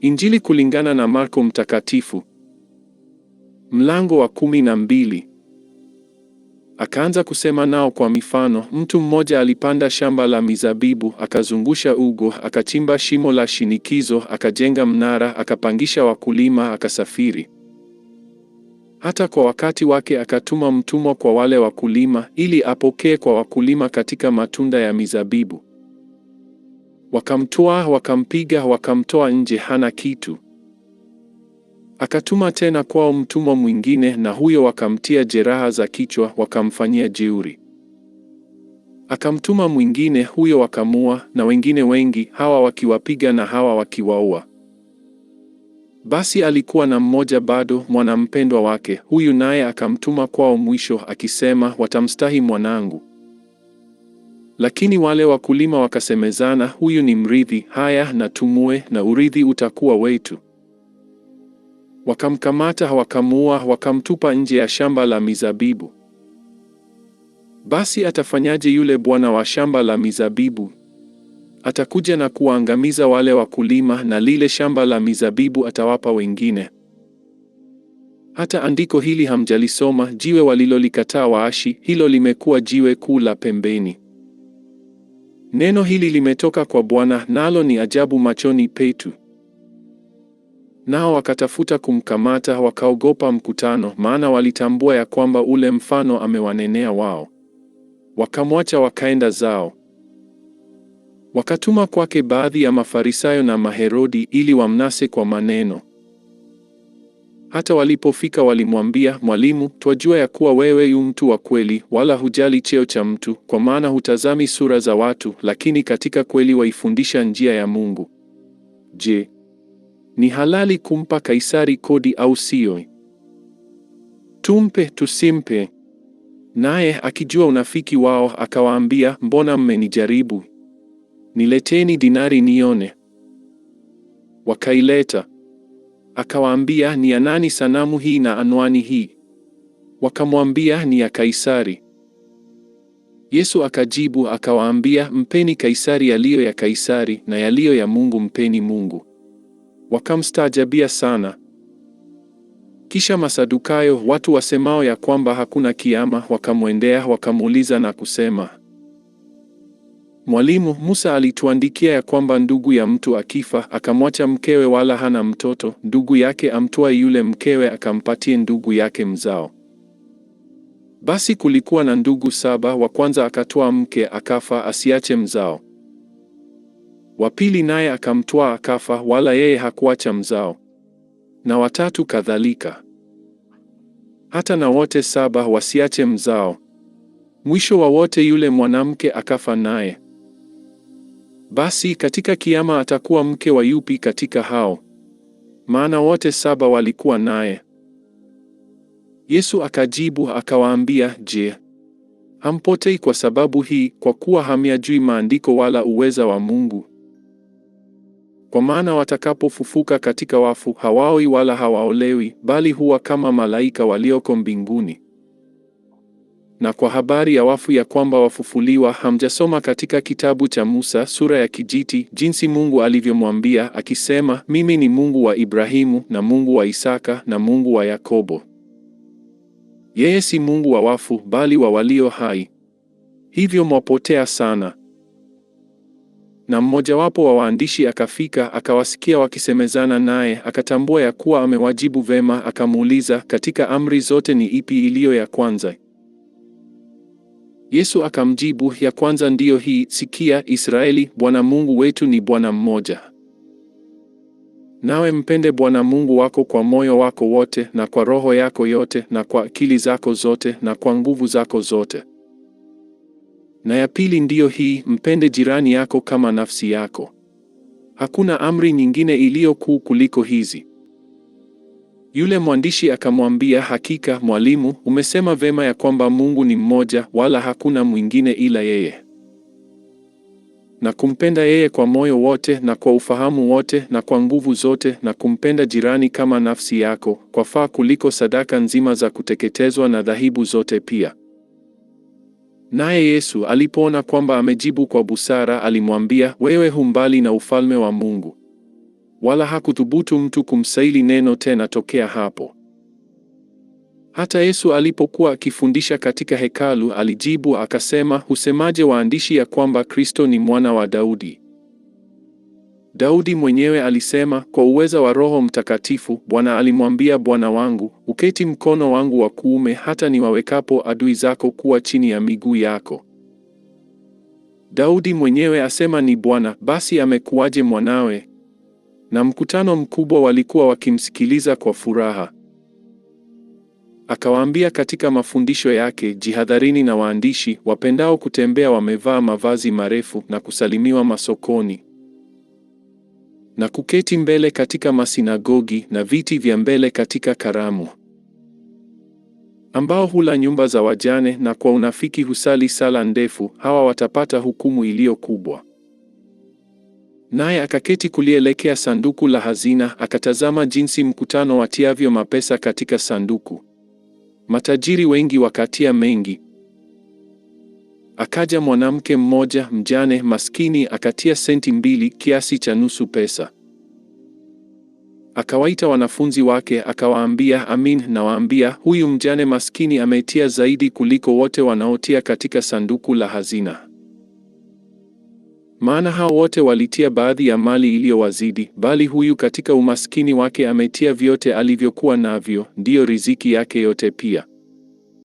Injili kulingana na Marko Mtakatifu, mlango wa kumi na mbili. Akaanza kusema nao kwa mifano. Mtu mmoja alipanda shamba la mizabibu, akazungusha ugo, akachimba shimo la shinikizo, akajenga mnara, akapangisha wakulima, akasafiri. Hata kwa wakati wake akatuma mtumwa kwa wale wakulima, ili apokee kwa wakulima katika matunda ya mizabibu wakamtoa wakampiga, wakamtoa nje, hana kitu. Akatuma tena kwao mtumwa mwingine, na huyo wakamtia jeraha za kichwa, wakamfanyia jeuri. Akamtuma mwingine, huyo wakamua, na wengine wengi, hawa wakiwapiga na hawa wakiwaua. Basi alikuwa na mmoja bado, mwanampendwa wake; huyu naye akamtuma kwao mwisho, akisema, Watamstahi mwanangu. Lakini wale wakulima wakasemezana, huyu ni mrithi, haya na tumue, na urithi utakuwa wetu. Wakamkamata, wakamua, wakamtupa nje ya shamba la mizabibu. Basi atafanyaje yule bwana wa shamba la mizabibu? Atakuja na kuwaangamiza wale wakulima, na lile shamba la mizabibu atawapa wengine. Hata andiko hili hamjalisoma, jiwe walilolikataa waashi, hilo limekuwa jiwe kuu la pembeni. Neno hili limetoka kwa Bwana, nalo ni ajabu machoni petu. Nao wakatafuta kumkamata, wakaogopa mkutano, maana walitambua ya kwamba ule mfano amewanenea wao. Wakamwacha wakaenda zao. Wakatuma kwake baadhi ya Mafarisayo na Maherodi ili wamnase kwa maneno. Hata walipofika walimwambia, Mwalimu, twajua ya kuwa wewe yu mtu wa kweli, wala hujali cheo cha mtu, kwa maana hutazami sura za watu, lakini katika kweli waifundisha njia ya Mungu. Je, ni halali kumpa Kaisari kodi au siyo? Tumpe tusimpe? Naye akijua unafiki wao akawaambia, mbona mmenijaribu? Nileteni dinari nione. Wakaileta. Akawaambia, ni ya nani sanamu hii na anwani hii? Wakamwambia, ni ya Kaisari. Yesu akajibu akawaambia, mpeni Kaisari yaliyo ya Kaisari, na yaliyo ya Mungu mpeni Mungu. Wakamstaajabia sana. Kisha Masadukayo, watu wasemao ya kwamba hakuna kiama, wakamwendea wakamuuliza na kusema Mwalimu, Musa alituandikia ya kwamba ndugu ya mtu akifa akamwacha mkewe wala hana mtoto, ndugu yake amtoa yule mkewe akampatie ndugu yake mzao. Basi kulikuwa na ndugu saba. Wa kwanza akatoa mke akafa, asiache mzao. Wa pili naye akamtoa akafa, wala yeye hakuacha mzao, na watatu kadhalika, hata na wote saba wasiache mzao. Mwisho wa wote yule mwanamke akafa naye. Basi katika kiama atakuwa mke wa yupi katika hao? Maana wote saba walikuwa naye. Yesu akajibu akawaambia, Je, hampotei kwa sababu hii, kwa kuwa hamyajui maandiko wala uweza wa Mungu? Kwa maana watakapofufuka katika wafu, hawaoi wala hawaolewi, bali huwa kama malaika walioko mbinguni na kwa habari ya wafu ya kwamba wafufuliwa, hamjasoma katika kitabu cha Musa sura ya kijiti jinsi Mungu alivyomwambia akisema, mimi ni Mungu wa Ibrahimu na Mungu wa Isaka na Mungu wa Yakobo? Yeye si Mungu wa wafu, bali wa walio hai. Hivyo mwapotea sana. Na mmojawapo wa waandishi akafika akawasikia wakisemezana naye, akatambua ya kuwa amewajibu vema, akamuuliza, katika amri zote ni ipi iliyo ya kwanza? Yesu akamjibu, ya kwanza ndiyo hii, sikia Israeli, Bwana Mungu wetu ni Bwana mmoja. Nawe mpende Bwana Mungu wako kwa moyo wako wote na kwa roho yako yote na kwa akili zako zote na kwa nguvu zako zote. Na ya pili ndiyo hii, mpende jirani yako kama nafsi yako. Hakuna amri nyingine iliyo kuu kuliko hizi. Yule mwandishi akamwambia, hakika mwalimu, umesema vema ya kwamba Mungu ni mmoja, wala hakuna mwingine ila yeye, na kumpenda yeye kwa moyo wote na kwa ufahamu wote na kwa nguvu zote, na kumpenda jirani kama nafsi yako, kwa faa kuliko sadaka nzima za kuteketezwa na dhahibu zote pia. Naye Yesu alipoona kwamba amejibu kwa busara, alimwambia, wewe humbali na ufalme wa Mungu wala hakuthubutu mtu kumsaili neno tena tokea hapo. Hata Yesu alipokuwa akifundisha katika hekalu, alijibu akasema, husemaje waandishi ya kwamba Kristo ni mwana wa Daudi? Daudi mwenyewe alisema, kwa uweza wa Roho Mtakatifu, Bwana alimwambia Bwana wangu, uketi mkono wangu wa kuume hata niwawekapo adui zako kuwa chini ya miguu yako. Daudi mwenyewe asema ni Bwana, basi amekuwaje mwanawe? na mkutano mkubwa walikuwa wakimsikiliza kwa furaha. Akawaambia katika mafundisho yake, jihadharini na waandishi wapendao kutembea wamevaa mavazi marefu na kusalimiwa masokoni na kuketi mbele katika masinagogi na viti vya mbele katika karamu, ambao hula nyumba za wajane na kwa unafiki husali sala ndefu; hawa watapata hukumu iliyo kubwa. Naye akaketi kulielekea sanduku la hazina, akatazama jinsi mkutano watiavyo mapesa katika sanduku. Matajiri wengi wakatia mengi. Akaja mwanamke mmoja mjane maskini, akatia senti mbili, kiasi cha nusu pesa. Akawaita wanafunzi wake, akawaambia, amin nawaambia, huyu mjane maskini ametia zaidi kuliko wote wanaotia katika sanduku la hazina. Maana hao wote walitia baadhi ya mali iliyowazidi, bali huyu katika umaskini wake ametia vyote alivyokuwa navyo, ndiyo riziki yake yote pia.